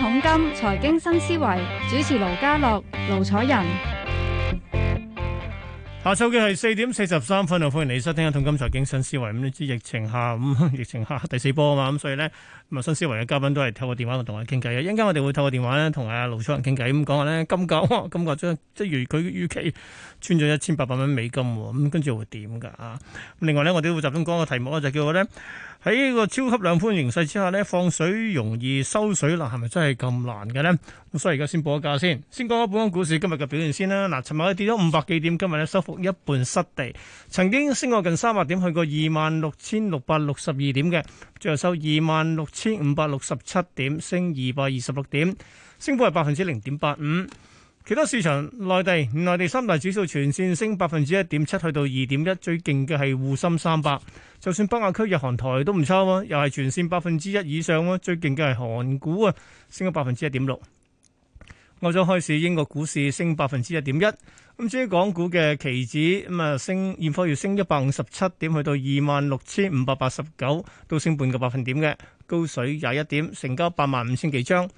統金財經新思維主持盧家樂、盧楚仁，下晝嘅係四點四十三分啊！歡迎你收聽《統金財經新思維》。咁呢？知疫情下，咁、嗯、疫情下第四波啊嘛！咁所以咧，咁啊新思維嘅嘉賓都係透過電話同我傾偈啊！一陣間我哋會透過電話咧同阿盧楚仁傾偈，咁講下咧金價，金價將即係如佢預期穿咗一千八百蚊美金喎，咁跟住會點噶啊？另外咧，我哋會集中講個題目就叫做咧。喺呢個超級量寬形勢之下呢，放水容易收水難，係咪真係咁難嘅呢？咁所以而家先報一價先，先講本港股市今日嘅表現先啦。嗱，尋日跌咗五百幾點，今日咧，收復一半失地，曾經升過近三百點，去過二萬六千六百六十二點嘅，最後收二萬六千五百六十七點，升二百二十六點，升幅係百分之零點八五。其他市場，內地內地三大指數全線升百分之一點七，去到二點一，最勁嘅係滬深三百。就算北亞區日韓台都唔差啊，又係全線百分之一以上啊，最勁嘅係韓股啊，升咗百分之一點六。歐洲開市，英國股市升百分之一點一。咁至於港股嘅期指咁啊，升現貨要升一百五十七點，去到二萬六千五百八十九，都升半個百分點嘅，高水廿一點，成交八萬五千幾張。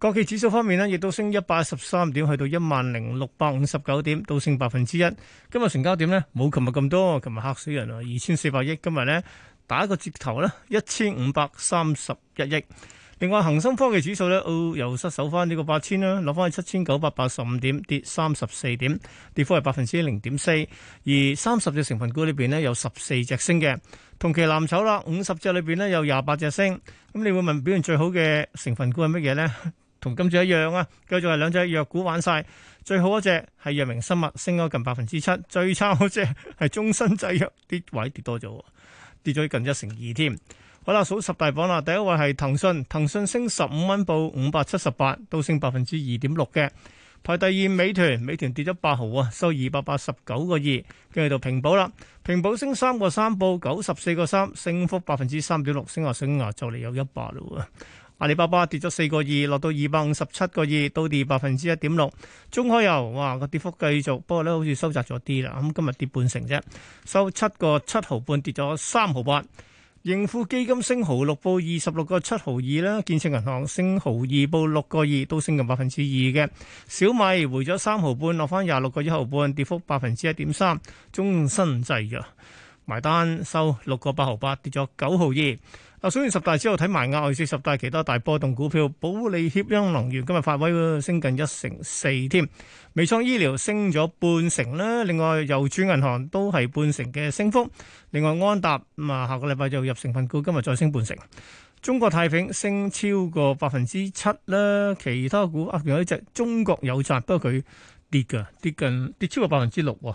國企指數方面呢亦都升一百十三點，去到一萬零六百五十九點，都升百分之一。今日成交點呢冇琴日咁多，琴日吓死人啊，二千四百億。今日呢打一個折頭呢，一千五百三十一億。另外，恒生科技指數呢、哦、又失守翻呢個八千啦，攞翻去七千九百八十五點，跌三十四點，跌幅係百分之零點四。而三十隻成分股裏邊呢，有十四隻升嘅，同期藍籌啦，五十隻裏邊呢，有廿八隻升。咁你會問表現最好嘅成分股係乜嘢呢？同今次一樣啊！繼續係兩隻藥股玩晒。最好嗰隻係藥明生物，升咗近百分之七；最差嗰隻係中生製藥，跌位跌多咗，跌咗近一成二添。好啦，數十大榜啦，第一位係騰訊，騰訊升十五蚊，報五百七十八，都升百分之二點六嘅。排第二，美團，美團跌咗八毫啊，收二百八十九個二，跟住到平保啦，平保升三個三，報九十四個三，升幅百分之三點六，升下升下，就嚟有一百嘞喎！阿里巴巴跌咗四個二，落到二百五十七個二，都跌百分之一點六。中海油，哇，個跌幅繼續，不過咧，好似收窄咗啲啦。咁今日跌半成啫，收七個七毫半，跌咗三毫八。盈富基金升毫六，報二十六個七毫二啦。建設銀行升毫二，報六個二，都升近百分之二嘅。小米回咗三毫半，落翻廿六個一毫半，跌幅百分之一點三。中生製藥埋單收六個八毫八，跌咗九毫二。嗱，選完十大之後，睇埋亞外市十大其他大波動股票，保利協鑫能源今日發威咯，升近一成四添。微創醫療升咗半成啦，另外郵儲銀行都係半成嘅升幅。另外安達咁啊，下個禮拜就入成分股，今日再升半成。中國太平升超過百分之七啦，其他股啊，有一隻中國有贊，不過佢跌嘅，跌近跌超過百分之六啊。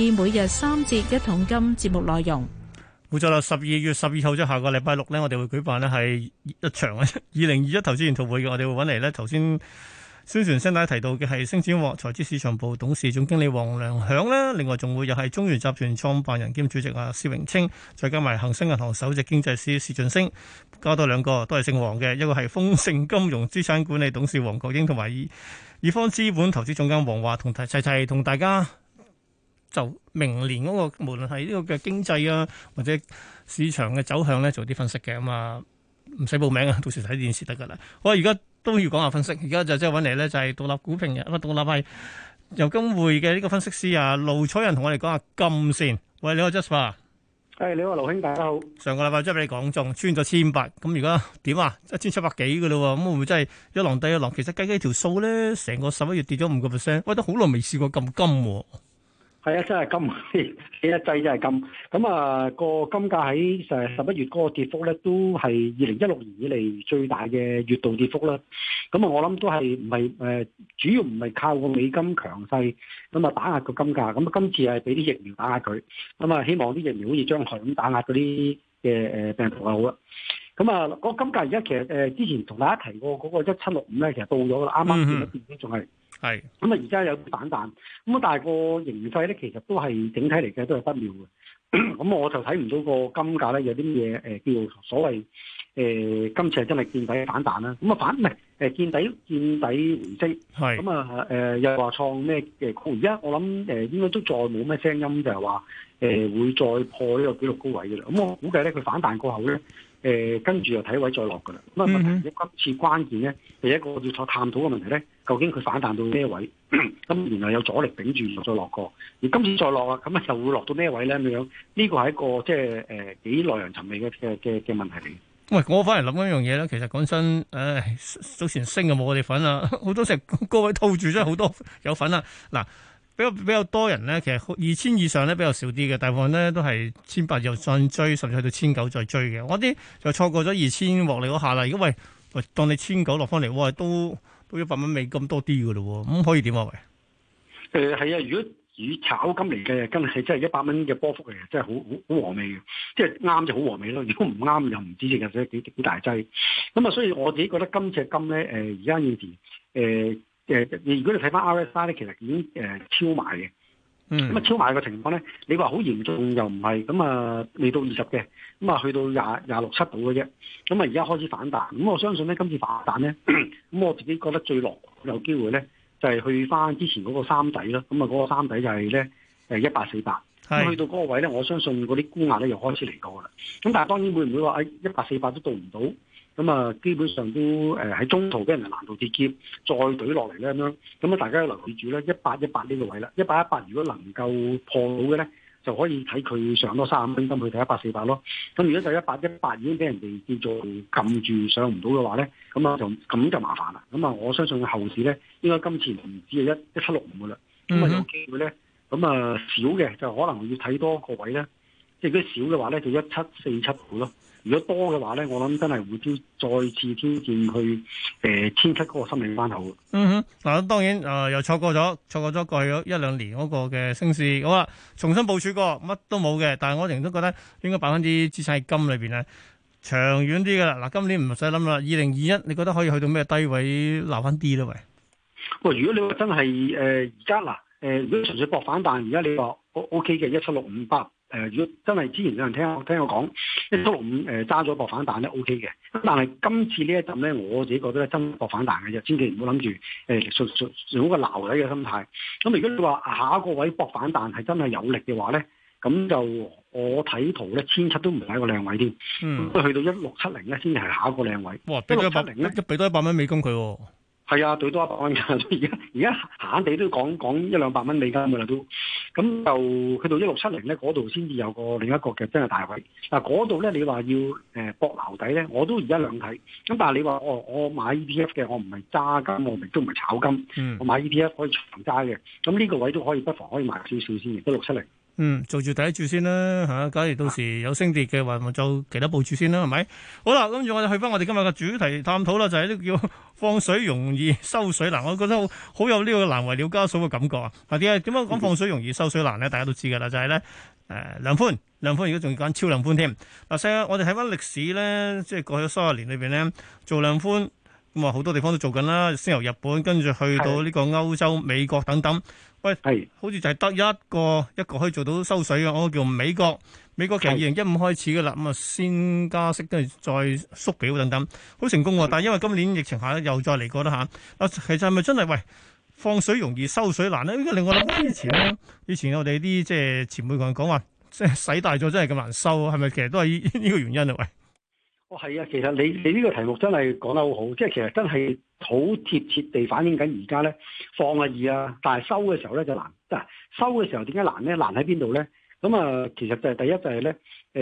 每日三節一桶金節目內容，冇錯啦！十二月十二號，即下個禮拜六呢，我哋會舉辦呢係一場啊二零二一投資研討會嘅。我哋會揾嚟呢，頭先宣傳聲帶提到嘅係星展財資市場部董事總經理王良享呢，另外仲會又係中原集團創辦人兼主席啊施永青，再加埋恒生銀行首席經濟師施俊升，加多兩個都係姓黃嘅，一個係豐盛金融資產管理董事黃國英，同埋以方資本投資總監黃華同，齊齊同大家。就明年嗰個，無論係呢個嘅經濟啊，或者市場嘅走向咧，做啲分析嘅啊嘛，唔使報名啊，到時睇電視得噶啦。我而家都要講下分析，而家就即係揾嚟咧，就係獨立股評人。咁啊，獨立係由金匯嘅呢個分析師啊，盧楚仁同我哋講下金先。喂，你好，Jasper。係，你好，盧兄，大家好。上個禮拜即係俾你講中，穿咗千八，咁而家點啊？一千七百幾嘅啦喎，咁會唔會真係一浪低一浪？其實計計條數咧，成個十一月跌咗五個 percent。喂，都好耐未試過咁金喎。係啊，真係金，幾一劑真係金。咁啊，個金價喺十十一月嗰個跌幅咧，都係二零一六年以嚟最大嘅月度跌幅啦。咁啊，我諗都係唔係誒，主要唔係靠個美金強勢咁啊，打壓個金價。咁啊，今次係俾啲疫苗打壓佢。咁啊，希望啲疫苗可以將佢咁打壓嗰啲嘅誒病毒啊，好啦。咁啊，個金價而家其實誒之前同大家提過嗰個一七六五咧，其實到咗啦，啱啱見到變動，仲係係。咁啊，而家有啲反彈。咁啊，但係個形勢咧，其實都係整體嚟嘅，都係不妙嘅。咁 我就睇唔到個金價咧，有啲乜嘢誒叫所謂誒今次真係見底反彈啦。咁、嗯、啊，反唔係誒見底見底回升。係。咁啊誒又話創咩嘅？而火家、like、我諗誒應該都再冇咩聲音就，就係話誒會再破呢個紀錄高位嘅啦。咁我估計咧，佢反彈過後咧。誒，跟住、呃、又睇位再落嘅啦。咁啊，問題你今次關鍵咧，第一個要所探討嘅問題咧，究竟佢反彈到咩位？咁然後有阻力頂，跟住落咗落過。而今次再落啊，咁啊，又會落到咩位咧？咁樣呢個係一個即係誒幾耐人尋味嘅嘅嘅問題嚟。喂，我反而諗一樣嘢咧。其實講真，唉，早前升啊冇我哋份啊，好多成個位套住真係，好 多有份啊嗱。比較，比較多人咧，其實二千以上咧比較少啲嘅，大部分咧都係千八又再追，甚至去到千九再追嘅。我啲就錯過咗二千獲利嗰下啦。如果喂，喂，當你千九落翻嚟，哇，都都美金一百蚊味咁多啲嘅咯，咁、嗯、可以點啊？喂，誒係、呃、啊，如果以炒金嚟計，梗係真係一百蚊嘅波幅嚟，真係好好好和味嘅，即係啱就好和味咯。如果唔啱，又唔知成日即係幾幾大劑。咁、嗯、啊，所以我自己覺得今隻金咧，誒、呃，而家要跌，誒、呃。呃呃呃呃誒，嗯、如果你睇翻 RSI 咧，其實已經誒超埋嘅。嗯。咁啊，超埋個情況咧，你話好嚴重又唔係，咁啊未到二十嘅，咁啊去到廿廿六七度嘅啫。咁啊，而家開始反彈。咁我相信咧，今次反彈咧，咁 我自己覺得最落有機會咧，就係、係、去翻之前嗰個三底咯。咁啊，嗰個三底就係咧，誒一百四百。去到嗰個位咧，我相信嗰啲沽壓咧又開始嚟過啦。咁但係當然會唔會話誒一百四百都到唔到？咁啊，基本上都誒喺中途俾人哋難度跌結，再攰落嚟咧咁樣，咁啊大家要留意住咧，一八一八呢個位啦，一八一八如果能夠破到嘅咧，就可以睇佢上多三五蚊金去睇一八四八咯。咁如果就一八一八已經俾人哋叫做撳住上唔到嘅話咧，咁啊就咁就麻煩啦。咁啊我相信後市咧應該今次唔止係一一七六五嘅啦，咁啊有機會咧，咁啊少嘅就可能要睇多個位咧，即係如果少嘅話咧就一七四七度咯。如果多嘅話咧，我諗真係會添再次挑戰佢誒天級嗰、呃、個心理關口。嗯哼，嗱當然誒、呃、又錯過咗，錯過咗過去一兩年嗰個嘅升勢。好啦，重新部署過，乜都冇嘅。但係我仍然都覺得應該擺翻啲資產喺金裏邊啊，長遠啲噶啦。嗱，今年唔使諗啦，二零二一你覺得可以去到咩低位留翻啲咧？喂，喂，如果你話真係誒而家嗱誒，如果純粹博反彈，而家你話 O K 嘅一七六五八。誒、呃，如果真係之前有人聽，聽我我講，一六五誒揸咗博反彈都 O K 嘅，咁但係今次呢一陣咧，我自己覺得係真博反彈嘅啫，千祈唔好諗住誒，純純用嗰個撈底嘅心態。咁如果你話下一個位博反彈係真係有力嘅話咧，咁就我睇圖咧，千七都唔係一個靚位添，咁、嗯、去到一六七零咧，先至係下一個靚位。哇！俾多一百，一俾多一百蚊美金佢、哦。係啊，最多一百蚊噶，而家而家閒閒地都講講一兩百蚊美金噶啦都，咁就去到一六七零咧，嗰度先至有個另一個嘅真係大位。嗱，嗰度咧，你話要誒搏樓底咧，我都而家兩睇。咁但係你話哦，我買 ETF 嘅，我唔係揸金，我亦都唔係炒金，我買 ETF 可以長揸嘅。咁呢個位都可以不妨可以買少少先嘅，一六七零。嗯，做住第一注先啦吓，啊，假如到時有升跌嘅話，咪做其他部署先啦，係咪？好啦，跟住我哋去翻我哋今日嘅主題探討啦，就係、是、呢叫放水容易收水難，我覺得好，好有呢個難為了家嫂嘅感覺啊！阿啲啊，點解講放水容易收水難咧？大家都知噶啦，就係、是、咧，誒、呃，量寬量寬，而家仲要揀超量寬添。嗱，細啊，我哋睇翻歷史咧，即、就、係、是、過去三十年裏邊咧做量寬。咁啊，好多地方都做緊啦，先由日本，跟住去到呢個歐洲、美國等等。喂，係是好似就係得一個一個可以做到收水嘅，我叫美國。美國其實二零一五開始嘅啦，咁啊是先加息，跟住再縮表等等，好成功、哦。是但係因為今年疫情下又再嚟過得吓。啊，其實係咪真係喂放水容易收水難咧？依家令我諗起以前咧，以前我哋啲即係前輩同人講話，即係使大咗真係咁難收，係咪其實都係呢個原因啊？喂？我係、哦、啊，其實你你呢個題目真係講得好好，即係其實真係好貼切地反映緊而家咧放啊易啊，但係收嘅時候咧就難。嗱，收嘅時候點解難咧？難喺邊度咧？咁、嗯、啊，其實就係第一就係、是、咧，誒、呃，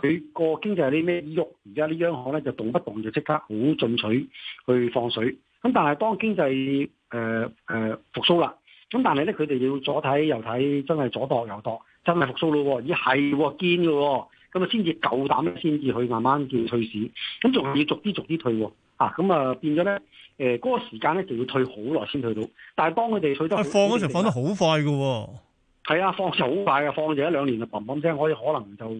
佢個經濟有啲咩喐，而家啲央行咧就動不動就即刻好進取去放水。咁但係當經濟誒誒、呃呃、復甦啦，咁但係咧佢哋要左睇右睇，真係左度右度，真係復甦咯喎、哦，咦係堅嘅喎。咁啊，先至夠膽先至去慢慢叫退市，咁仲要逐啲逐啲退喎，咁啊，啊變咗咧，誒、呃、嗰、嗰個時間咧就要退好耐先退到，但係當佢哋退得、哎，放嗰時候放得好快嘅喎、啊，係啊，放就好快嘅，放咗一兩年就砰砰聲，可以可能就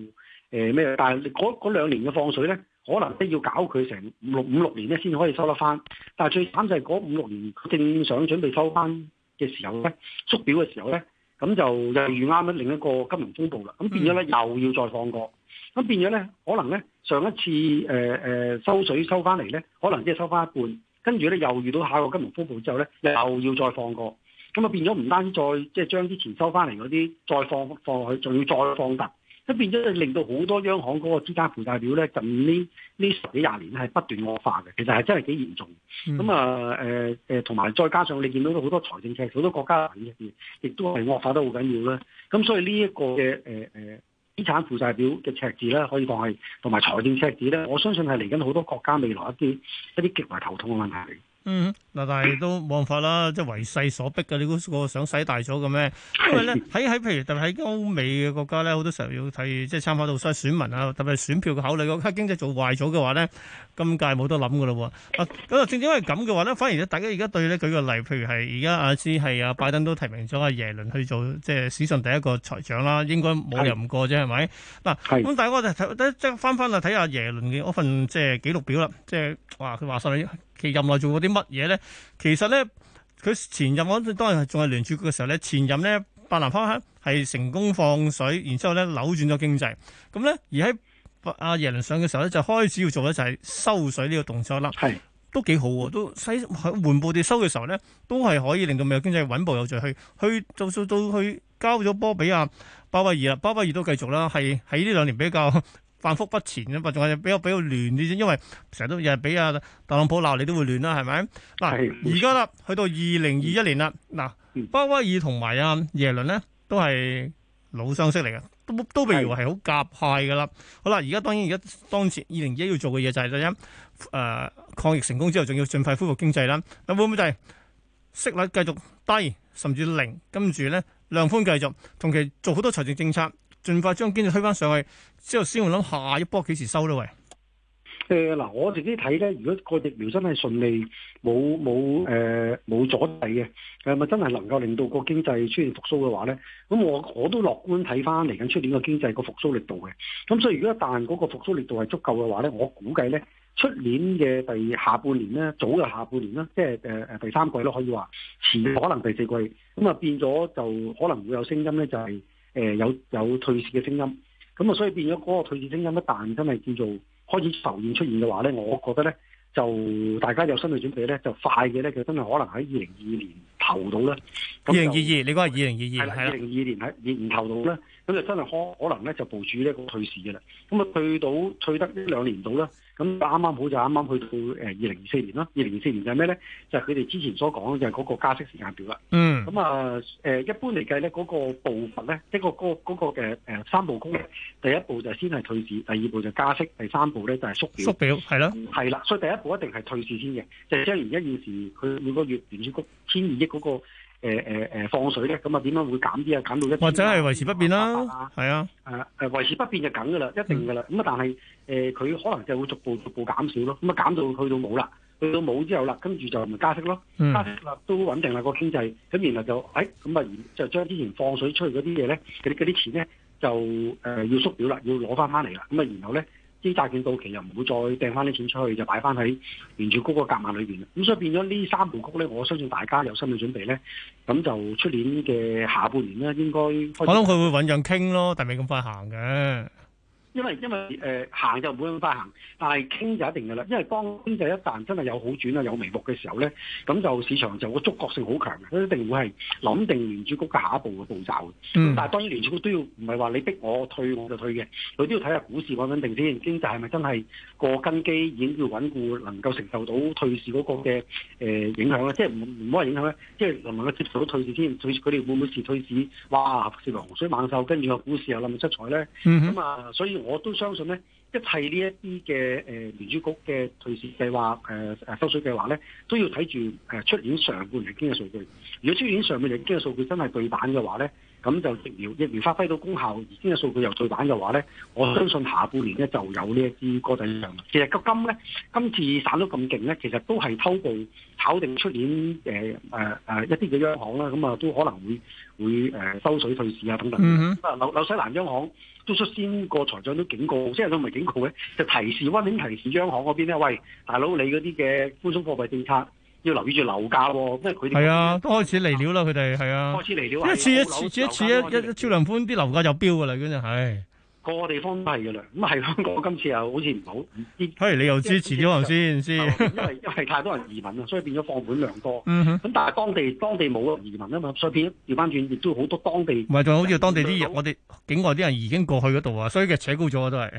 誒咩、呃，但係嗰兩年嘅放水咧，可能都要搞佢成五六五六年咧先可以收得翻，但係最慘就係嗰五六年佢正想準備收翻嘅時候咧，縮表嘅時候咧，咁就又遇啱咗另一個金融風暴啦，咁變咗咧、嗯、又要再放過。咁變咗咧，可能咧上一次誒誒、呃呃、收水收翻嚟咧，可能即係收翻一半，跟住咧又遇到下個金融風暴之後咧，又要再放過，咁啊變咗唔單止再即係將啲錢收翻嚟嗰啲再放放落去，仲要再放達，咁變咗令到好多央行嗰個資產負債表咧，近呢呢十幾廿年係不斷惡化嘅，其實係真係幾嚴重。咁啊誒誒，同埋、呃呃、再加上你見到好多財政赤字，好多國家裏邊亦都係惡化得好緊要啦。咁所以呢、這、一個嘅誒誒。呃呃呃資產負債表嘅赤字咧，可以講係同埋財政赤字咧，我相信係嚟緊好多國家未來一啲一啲極為頭痛嘅問題。嗯，嗱，但係都冇辦法啦，即係為勢所逼嘅，你估我想使大咗嘅咩？因為咧，喺喺譬如特別喺歐美嘅國家咧，好多時候要睇即係參考到晒選民啊，特別係選票嘅考慮。如果經濟做壞咗嘅話咧，今屆冇得諗噶咯。咁啊，正正因為咁嘅話咧，反而大家而家對咧，舉個例，譬如係而家阿司係阿拜登都提名咗阿、啊、耶倫去做即係史上第一個財長啦，應該冇人唔過啫，係咪？嗱，咁大家就睇即係翻翻啊，睇阿耶倫嘅嗰份即係記錄表啦，即係話佢話晒。其任內做過啲乜嘢咧？其實咧，佢前任當然仲係聯儲局嘅時候咧，前任咧伯南克咧係成功放水，然之後咧扭轉咗經濟。咁咧而喺阿耶倫上嘅時候咧，就開始要做嘅就係收水呢個動作啦。係都幾好喎，都喺緩步地收嘅時候咧，都係可以令到美國經濟穩步有序去去到到到去交咗波畀阿鮑威爾啦，鮑威爾都繼續啦，係喺呢兩年比較，反覆不前嘅，或仲係比較比較亂啲，因為成日都日日俾阿特朗普鬧你都會亂啦，係咪？嗱的，而家啦，去到二零二一年啦，嗱、嗯，鮑威爾同埋阿耶倫咧都係老相識嚟嘅，都都被以為係的好夾派嘅啦。好啦，而家當然而家當前二零二一要做嘅嘢就係、是、第一，誒、呃，抗疫成功之後，仲要盡快恢復經濟啦。會唔會就係息率繼續低，甚至零，跟住咧量寬繼續，同期做好多財政政政策。盡快將經濟推返上去，之後先會諗下一波幾時收咯，喂。誒，嗱，我自己睇咧，如果個疫苗真係順利，冇冇誒冇阻滯嘅，誒、呃、係咪真係能夠令到個經濟出現復蘇嘅話咧，咁我我都樂觀睇返嚟緊出年個經濟個復蘇力度嘅。咁所以如果一旦嗰個復蘇力度係足夠嘅話咧，我估計咧，出年嘅第下半年咧，早嘅下半年啦，即係誒誒第三季咯，可以話，遲可能第四季。咁啊變咗就可能會有聲音咧，就係、是。誒、呃、有有退市嘅聲音，咁、嗯、啊，所以變咗嗰個退市聲音一旦真係叫做開始浮現出現嘅話咧，我覺得咧就大家有心理準備咧，就快嘅咧，佢真係可能喺二零二年投到咧。二零二二，你講係二零二二，係二零二年喺二投到咧，咁就真係可可能咧就部署呢個退市嘅啦。咁啊，退到退得呢兩年度啦。咁啱啱好就啱啱去到誒二零二四年咯，二零二四年就係咩咧？就係佢哋之前所講就係嗰個加息時間表啦。嗯。咁啊誒，一般嚟計咧，嗰個步伐咧，即係個嗰嗰個嘅誒三步功，第一步就先係退市，第二步就加息，第三步咧就係縮表。縮表係咯，係啦，所以第一步一定係退市先嘅，就將而家現時佢每個月聯儲局千二億嗰個。誒誒誒放水咧，咁啊點樣會減啲啊？減到一或者係維持不變啦，係啊，誒誒維持不變就梗噶啦，一定噶啦。咁啊、嗯，但係誒佢可能就會逐步逐步減少咯。咁啊，減到去到冇啦，去到冇之後啦，跟住就咪加息咯，加息啦都穩定啦個經濟。咁然後就誒咁啊，就將、哎、之前放水出去嗰啲嘢咧，嗰啲啲錢咧就誒、呃、要縮表啦，要攞翻翻嚟啦。咁啊，然後咧。啲債券到期又唔會再掟翻啲錢出去，就擺翻喺聯儲嗰個夾萬裏邊啦。咁所以變咗呢三部曲咧，我相信大家有心理準備咧，咁就出年嘅下半年咧應該，可能佢會穩陣傾咯，但係未咁快行嘅。因為因為誒行就唔會咁快行，但係傾就一定㗎啦。因為當經濟一旦真係有好轉啦，有眉目嘅時候咧，咁就市場就會觸覺性好強，一定會係諗定聯儲局嘅下一步嘅步驟。但係當然聯儲局都要唔係話你逼我退我就退嘅，佢都要睇下股市穩唔穩定先，經濟係咪真係過根基已經要穩固，能夠承受到退市嗰個嘅誒影響咧？即係唔唔好話影響咧，即係能唔能夠接受到退市先。佢哋會唔會遲退市？哇！好似洪水猛獸，跟住個股市又冧出彩咧。咁啊、mm hmm. 嗯，所以。我都相信咧，一切呢一啲嘅誒聯儲局嘅退市計劃誒誒、呃、收水計劃咧，都要睇住誒出年上半年經濟數據。如果出年上半年經濟數據真係對版嘅話咧，咁就疫苗疫苗發揮到功效，而家嘅數據又對版嘅話咧，我相信下半年咧就有呢一啲過渡性。其實個今咧今次散到咁勁咧，其實都係偷步，炒定出年誒誒誒一啲嘅央行啦，咁啊都可能會。會誒收水退市啊，等等。啊，紐紐西蘭央行都率先個財長都警告，即係都唔係警告嘅，就提示，溫馨提示央行嗰邊咧，喂，大佬你嗰啲嘅寬鬆貨幣政策要留意住樓價，哦，因為佢哋係啊，都開始嚟料啦，佢哋係啊，開始嚟料，一次一次一次一次一超量寬，啲樓價就飆噶啦，咁就唉。個地方都係噶啦，咁係香港今次又好似唔好啲。嘿，你又支持咗，我先知。因為因為太多人移民啦，所以變咗放盤量多。咁、嗯、哼但係當地當地冇移民啊嘛，所以變調翻轉亦都好多當地。唔係，仲好似當地啲都我哋境外啲人已經過去嗰度啊，所以佢扯高咗都係。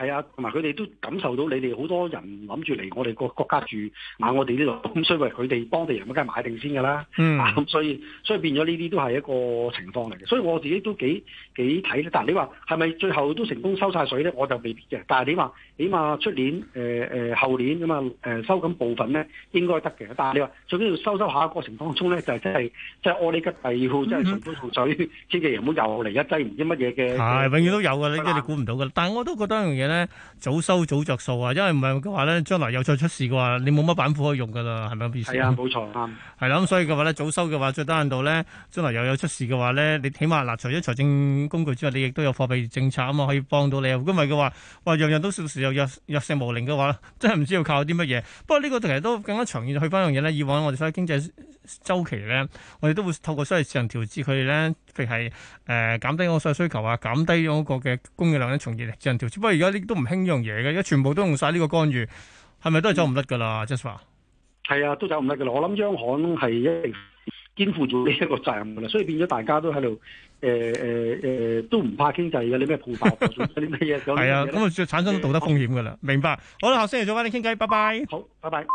係啊，同埋佢哋都感受到你哋好多人諗住嚟我哋個國家住買我哋呢度，咁所以為佢哋當地人梗係買定先㗎啦。咁、嗯、所以所以變咗呢啲都係一個情況嚟嘅。所以我自己都幾幾睇咧。但係你話係咪最後都成功收晒水咧？我就未必嘅。但係你話起碼出年誒誒、呃、後年咁啊誒收緊部分咧應該得嘅。但係你話最緊要收收下過程當中咧就係真係即係我哋嘅第二號，真係滔滔水，嗯、哼千祈唔好又嚟一劑唔知乜嘢嘅。係、啊，永遠都有㗎，你估唔到㗎。但我都覺得一樣嘢。咧早收早着數啊，因為唔係嘅話咧，將來又再出事嘅話，你冇乜板斧可以用噶啦，係咪咁意思？係啊，冇錯。啱 係啦，咁所以嘅話咧，早收嘅話，最低限度咧，將來又有出事嘅話咧，你起碼嗱，除咗財政工具之外，你亦都有貨幣政策啊嘛，可以幫到你啊。如果唔係嘅話，哇，樣樣都少事又弱弱性無靈嘅話，真係唔知要靠啲乜嘢。不過呢個其實都更加長遠，去翻樣嘢咧，以往我哋所謂經濟。周期咧，我哋都會透過所謂自行調節佢哋咧，譬如係誒減低所有需求啊，減低咗個嘅供應量咧，從而嚟調節。不過而家啲都唔興呢樣嘢嘅，而家全部都用晒呢個干預，係咪都係走唔甩噶啦？Jasper 係啊，都走唔甩噶啦。我諗央行係一定肩負住呢一個責任噶啦，所以變咗大家都喺度誒誒誒，都唔怕經濟嘅你咩泡沫，係 啊，咁、啊、就產生道德風險噶啦， 明白？好啦，後生又再翻嚟傾偈，拜拜。好，拜拜。